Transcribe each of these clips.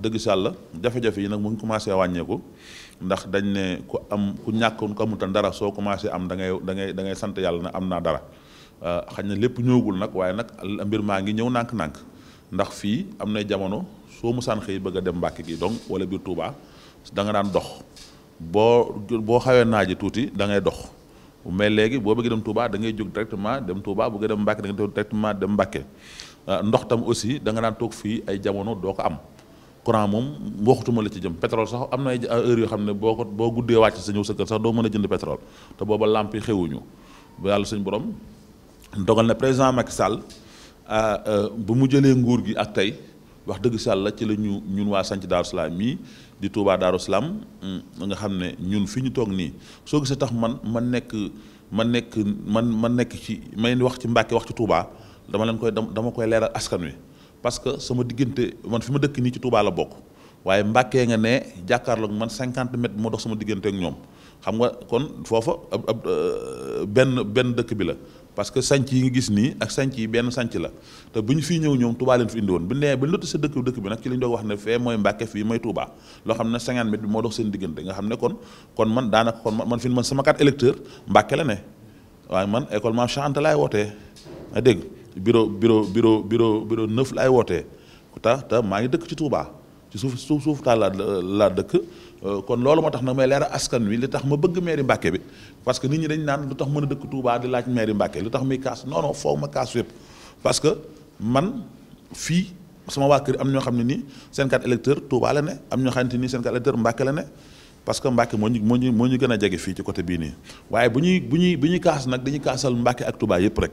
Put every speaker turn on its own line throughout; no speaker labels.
wax dëgg sàlla jafe-jafe yi nag mu ngi commencé wàññeeku ndax dañ ne ku am ku ñàkkoon ku amutan dara soo commencé am dangay da ngay da sant yàlla na am naa dara euh, xañ na lépp ñëwagul nag waaye nag mbir maa ngi ñëw nànk-nànk ndax fii am na jamono soo musaan xëy bëgg a dem Mbàkke gi donc wala biir Touba da nga daan dox boo boo xawee naaji tuuti da ngay dox mais léegi boo bëggee dem Touba da ngay jóg directement dem Touba bu nga dem Mbàkke da ngay jóg dem Mbàkke euh, ndox tam aussi da nga daan toog fii ay jamono doo ko am courant moom waxutuma la ci jëm pétrole sax am na ay heure yoo xam ne boo ko boo guddee wàcc sa ñëw sa kër sax doo mën a jënd pétrole te booba làmp yi xewuñu ba yàlla suñ borom dogal na président Macky Sall euh, euh, bu mu jëlee nguur gi ak tey wax dëgg Sàlla ci la ñu ñun waa sanc Daaru Salaam mii di Touba Daaru Salaam mm, nga xam ne ñun fi ñu toog nii soo gisee tax man ma nekk ma nekk man ma nekk ci may wax ci Mbàkke wax ci tuubaa dama leen koy dama koy leeral askan wi parce que sama diggante man fi ma dëkk nii ci Touba la bokk waaye Mbàkke nga ne jàkkaarloog man 50 mètres moo dox sama diggante ak ñoom xam nga kon foofa ab ab euh, benn benn dëkk bi la. parce que sanc yi nga gis nii ak sanc yi benn sanc la te bu ñu fii ñëw ñoom Touba leen woon bu nee ba ñu dëkk bi nag ci la ñu doon wax ne fee mooy Mbàkke fii mooy Touba loo xam ne moo dox seen diggante nga xam ne kon kon man daanaka kon man fi man sama carte électeur Mbàkke la ne waaye man école Mame Cheikh Anta laay wootee nga dégg. bureau bureau bureau bureau bureau neuf laay wootee ta ta maa ngi dëkk ci Touba ci suuf suuf suuf taal laa laa dëkk euh, kon loolu moo tax nag may leer askan wi li tax ma bëgg mairie Mbacke bi parce que nit ñi dañ naan lu tax mën a dëkk Touba di laaj mairie Mbacke lu tax muy kaas non non foog ma kaas yëpp parce que man fii sama waa kër am ñoo xam ne nii seen carte électeur Touba la ne am ñoo xamante nii seen carte électeur Mbacke la ne parce que Mbacke moo ñu moo ñu moo ñu gën a jege fii ci côté bii nii waaye bu ñuy bu ñuy bu ñuy kaas nag dañuy kaasal Mbacke ak Touba yëpp rek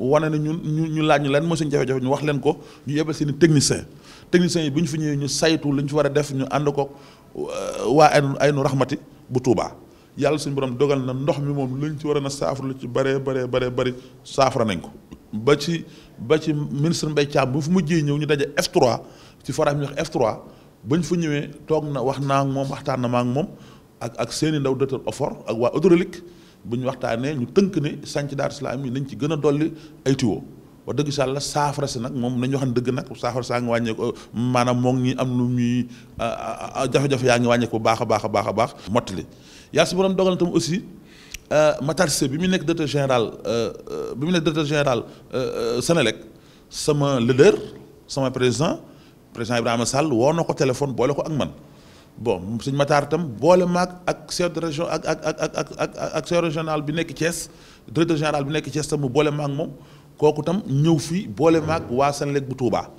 wane na ñun ñu ñu laaj ñu lan mooy seen jafe-jafe ñu wax leen ko ñu yebal seen i technicien yi bu ñu fi ñëwee ñu saytu li ñu fi war a def ñu ànd ko euh, waa ay ay nu raxmati bu tuubaa yàlla suñu borom dogal na ndox mi moom luñ ci war a na saafara lu ci bëree bëree bëree bëri saafara nañ ko ba ci ba ci ministre Mbaye Thiam bu fu mujjee ñëw ñu daje f ci forage bi ñuy wax F3 ñëwee toog na wax naa moom waxtaan na ma moom ak ak seen ndaw docteur Ofor ak waa hydraulique bu ñu waxtaanee ñu tënk ne sànc daar am yi nañ ci gën a dolli ay tuyaux wax dëgg si saafara si nag moom nañu waxan dëgg nag saafara saa ngi wàññeeku maanaam moo ngi am lu muy jafe-jafe yaa ngi wàññeeku bu baax a baax a baax a baax mottali yàlla si borom dogal na tam aussi euh, Matar bi mu nekk directeur général euh, euh, bi mu nekk directeur général Sénélec sama leader sama président président Ibrahima Sall woo na ko téléphone boole ko ak man bon sëñ Matar tam boole maag ak chef région ak ak ak ak ak ak régional bi nekk Thiès directeur général bi nekk Thiès tam mu boole maag moom kooku tam ñëw fii boole maak waa Senelec bu Touba.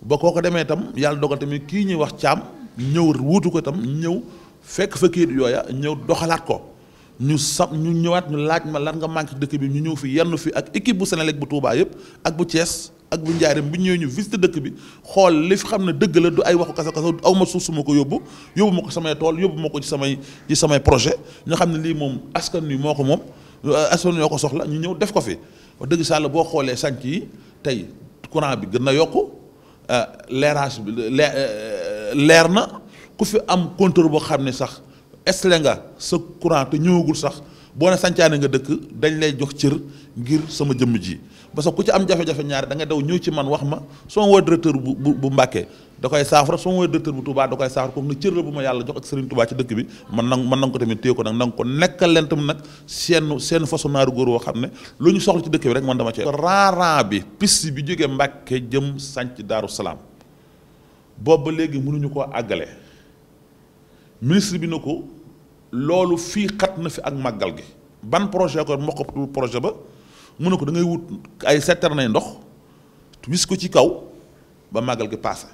ba kooko demee tam yàlla dogal tamit kii ñuy wax caam ñëw wuutu ko tam ñëw fekk fa yooya ñëw doxalaat ko ñu sab ñu ñëwaat ñu laaj ma lan nga manqué dëkk bi ñu ñëw fi yenn fi ak équipe bu Senelec bu tuubaa yëpp ak bu Thiès. ak bu njaareem bu ñëwee ñu visite dëkk bi xool li fi xam ne dëgg la du ay waxu kasa kasa aw ma suuf suma ko yóbbu yóbbu ma ko samay tool yóbbu ma ko ci samay ci samay projet ñu xam ne lii moom askan wi moo ko moom euh, askan ñoo ko soxla ñu ñëw def ko fi dëgg sàll boo xoolee sànc yi tey courant bi gën na yokku euh, leerage bi euh, leer na ku fi am compteur boo xam ne sax estle nga sa courant te ñëwagul sax boo ne sàncaane nga dëkk dañu lay jox cër ngir sama jëmm ji parce que ku ci am jafe-jafe ñaari da nga ñëw ci man wax ma soo ma woo directeur bu bu bu Mbàkke da koy saafara soo ma woo directeur bu Touba da koy saafara comme ne cër la bu ma yàlla jox ak Serigne Touba ci dëkk bi man na man nang ko tamit téye ko nag nang ko nekkal leen nag seen seen façon naaru góor woo xam ne lu ñu soxla ci dëkk bi rek man dama cee raaraan bi piste bi jógee Mbàkke jëm sànc Daaru Salaam boobu ba léegi mënuñu koo àggale bi na ko loolu fii xat na fi ak màggal gi ban projet ko mboqatul projet ba mu ne ko da ngay wut ay seetar nay ndox wis ko ci kaw ba màggal gi passé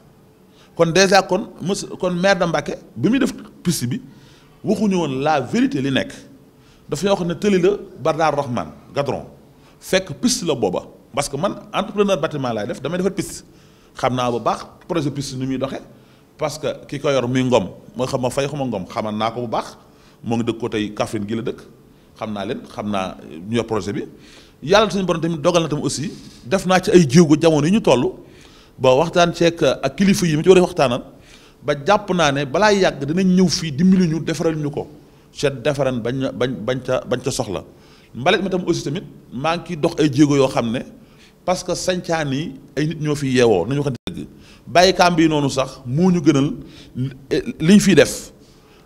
kon déjà kon kon maire de Mbacké bi muy def piste bi waxuñu woon la vérité li nekk dafa ñoo xam ne tëli la Bardar Rahman Gadron fekk piste la booba parce que man entrepreneur bâtiment laay def damay defar piste xam naa bu baax projet piste ni muy doxee parce que ki ko yor muy ngom moo xam ma fay xuma ngom xaman naa ko bu baax moo ngi dëkk ko tey Kaffrine gi la dëkk xam naa leen xam naa ñu yor projet bi yàlla suñu borom tamit dogal na tam aussi def naa ci ay jéego jamono yi ñu toll ba waxtaan ceek ak kilifa yi mu ci war a waxtaanal ba jàpp naa ne balaa yàgg dinañ ñëw fii dimbali ñu defaral ñu ko seet defaran bañ bañ bañ ca bañ ca soxla mbalit mi tam aussi tamit maa ngi ciy dox ay jéego yoo xam ne parce que sancaan yi ay nit ñoo fi yeewoo nañu waxante dëgg bàyyi kàmb noonu sax mu ñu gënal eh, liñ fiy def.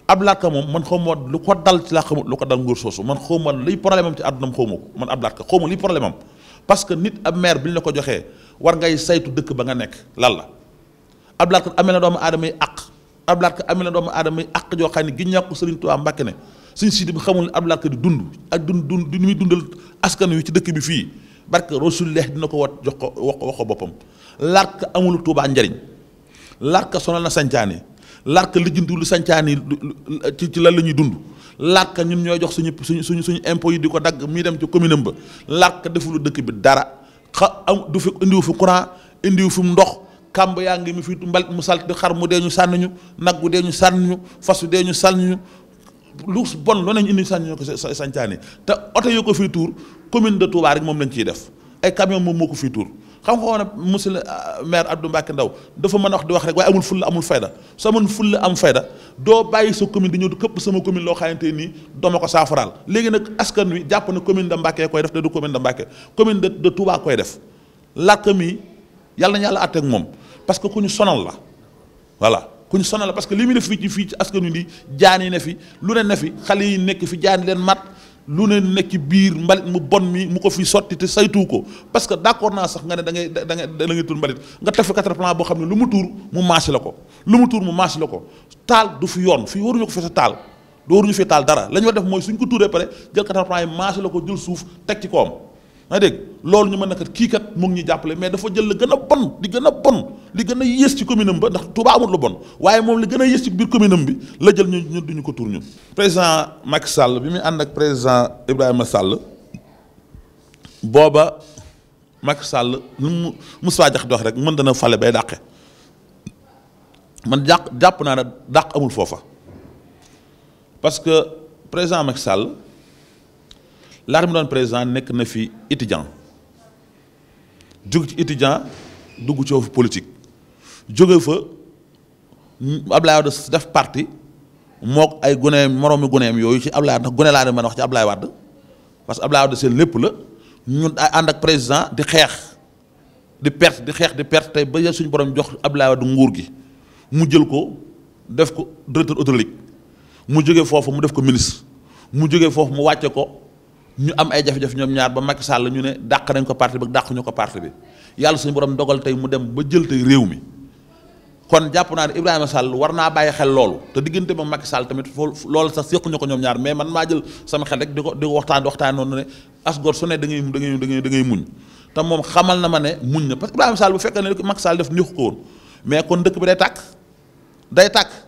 ab làkka moom man xaw ma lu ko dal ci laa xamut lu ko dal nguur soosu man xaw ma luy problème am ci àdduna am xaw ma ko man ab làkka xaw ma luy problème am parce que nit ab maire bi la ko joxee war ngay saytu dëkk ba nga nekk lan la ab làkka amee na doomu aadama yi àq ab làkka amee na doomu aadama yi àq joo xam ne giñ ñàkk Sëriñ Tuubaa Mbàkke ne suñ si bi di dund ak dund dund di dundal askan wi ci dëkk bi fii barke Rasulullah dina ko wat jox ko wax ko boppam làkk amul Tuubaa njariñ làkka sonal na sancaane larka lijjanti lu sancaani ci ci lan la ñuy dund larka ñun ñooy jox suñu suñu suñ suñu impôts yi di ko dagg muy dem ci commune ba larka defulu dëkk bi dara xa am du fi indiwu fi courant indiwu fi ndox kàmb yaa ngi mu fi mbalit mu salt xar mu dee ñu sànni ñu nag wu dee ñu sànni ñu fas wu dee ñu sànni ñu lu bon loo nañ indi sànni ñu ko sancaani te oto yoo ko fii tuur commune de Touba rek moom lañ ciy def ay camion moom moo ko fii tuur xam nga woon monsieur le euh, maire Abdou Ndaw dafa mën a wax di wax rek waaye amul fulla amul fayda soo amul fulla am fayda doo bàyyi sa commune di ñëw këpp sama commune loo xamante nii dooma ko saafaraal léegi nag askan wi jàpp na commune de Mbacke koy def te du commune de Mbacke commune de de Touba koy def làkk mi yàlla na yàlla àtteeg moom parce que ku ñu sonal la voilà ku ñu sonal la parce que li muy def fii ci fii ci askan wi di jaani ne fi lu ne ne fi lu ne nekk ci biir mbalit mu bon mi mu ko fi sotti te saytu ko parce que d'accord naa sax nga ne da ngay da ngay da ngay tuur mbalit nga taf fi quatre-plans boo xam ne lu mu tuur mu maase la ko lu mu tuur mu maase la ko taal du fi yoon fii waruñu ko fi sa taal dooruñu fi taal dara lañoo ñu def mooy suñ ko tuuree pare jël quatre-plans yi maase la ko jël suuf teg ci koom. nga dégg loolu ñu mën nakat kii kat mu ngi ñu jàppale mais dafa jël la gën a bon li gën a bon li gën a yées ci commune am ba ndax Touba amul lu bon waaye moom li gën a yées ci biir commune bi la jël ñu ñu duñu ko tur ñun président Macky Sall bi muy ànd ak président Ibrahima Sall booba Macky sàll nu mu Moustapha Diakhaté wax rek mën dana fale bay dàqe man jàq jàpp naa ne dàq amul foofa parce que président Macky Sall laata mu doon président nekk na fi étudiant jóg ci étudiant dugg ci foofu politique jóge fa Ablaye Wade def parti mook ay guneem moroomi guneem yooyu ci Ablaye Wade ndax laa ne mën a wax parce que Ablaye Wade seen lépp la ñun ay ànd ak président di xeex di perte di xeex di perte tey ba suñ borom jox Ablaye Wade nguur gi mu jël ko def ko directeur hydraulique mu jóge foofu mu def ko ministre mu jóge foofu mu wàcce ko. ñu am ay jafe-jafe ñoom ñaar ba Macky Sall ñu ne dàq nañ ko parti bi dàq ñu ko parti bi yàlla suñu borom dogal tey mu dem ba jël tey réew mi kon jàpp naa ne Ibrahima Sall war naa bàyyi xel loolu te diggante moom Macky Sall tamit foofu loolu sax ñu ko ñoom ñaar mais man maa jël sama xel rek di ko di ko waxtaan waxtaan noonu ne as gor su ne da ngay da ngay da ngay muñ te moom xamal na ma ne muñ na parce que Ibrahima Sall bu fekkee ne Macky Sall def neexu ko woon mais kon dëkk bi day tàkk day tàkk.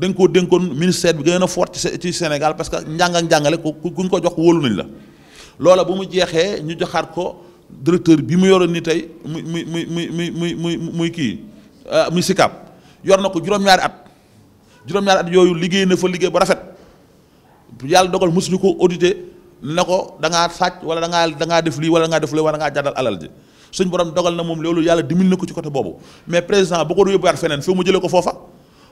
dañ koo dénkoon ministère bi gën a fort ci Sénégal parce que njàng ak njàngale ku kuñ ko jox wóolu nañ la loola bu mu jeexee ñu joxaat ko directeur bi mu yoroon ni tey muy muy muy muy muy muy muy kii euh, muy SICAP yor na ko juróom-ñaari at juróom-ñaari at yooyu liggéey na fa liggéey ba rafet yàlla dogal mosuñu ko auditer ne ko da ngaa sàcc wala da ngaa da ngaa def lii wala da ngaa def lii wala da ngaa jàddal alal ji suñ borom dogal na moom loolu yàlla dimbali ko ci côté boobu mais président bu ko yóbbuwaat mu jëlee ko foofa.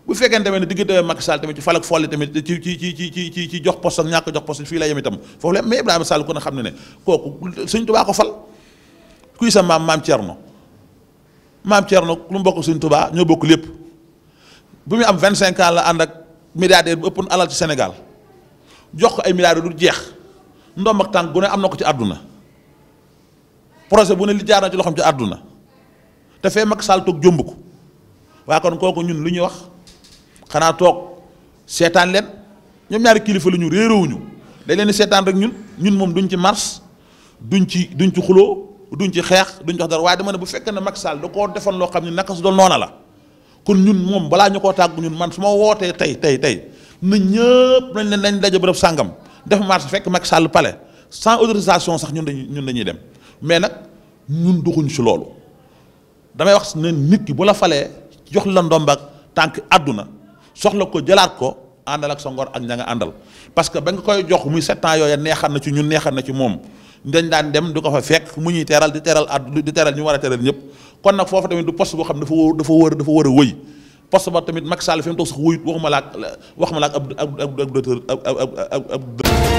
bu fekkee ne diggante Macky Sall tamit ci fal ak folli tamit ci ci jox poste ak ñàkk jox poste fii la yem itam foofu la mais Ibrahima Sall ku ne xam ne ne kooku Sëñ Tuubaa ko fal kuy sa maam maam Thierno lu mu bokk Sëñ Tuubaa bokk lépp bu muy am 25 ans la ànd ak milliardaire bu ëppoon alal ci Sénégal jox ko ay milliards du jeex ndoom ak tànk gu ne am na ko ci àdduna projet bu ne li jaar na ci loxoom ci àdduna te fee Macky Sall toog jomb ko kon kooku ñun lu ñuy wax. xanaa toog seetaan leen ñoom ñaari kilifa lu ñu réeroowuñu dañ leen seetaan rek ñun ñun moom duñ ci mars duñ ci duñ ci xuloo duñ ci xeex duñ jox dara waaye dama ne bu fekkee ne mag Sall da koo defoon xam ne naka su doon noona la kon ñun moom balaa ñu koo tàggu ñun man su ma wootee tey tey tey na ñëpp nañ leen nañ daje bërëb sàngam def mars fekk Macky Sall palais sans autorisation sax ñun dañuy ñun dañuy dem mais nag ñun duxuñ si loolu damay wax ne nit ki bu la falee jox la ndomb ak tànk àdduna soxla ko jëlaat ko àndal ak sa ngor ak ña àndal parce que ba nga koy jox muy sept ans yooya neexal na ci ñun neexal na ci moom dañ daan dem du ko fa fekk mu ñuy teeral di teral at di teral ñu war a teeral ñëpp kon nag foofu tamit du post boo xam dafa wóor dafa war dafa war a wëy poste ba tamit Macky Sall fi mu toog sax wóyut waxuma la ak waxuma la ak ab ab ab ab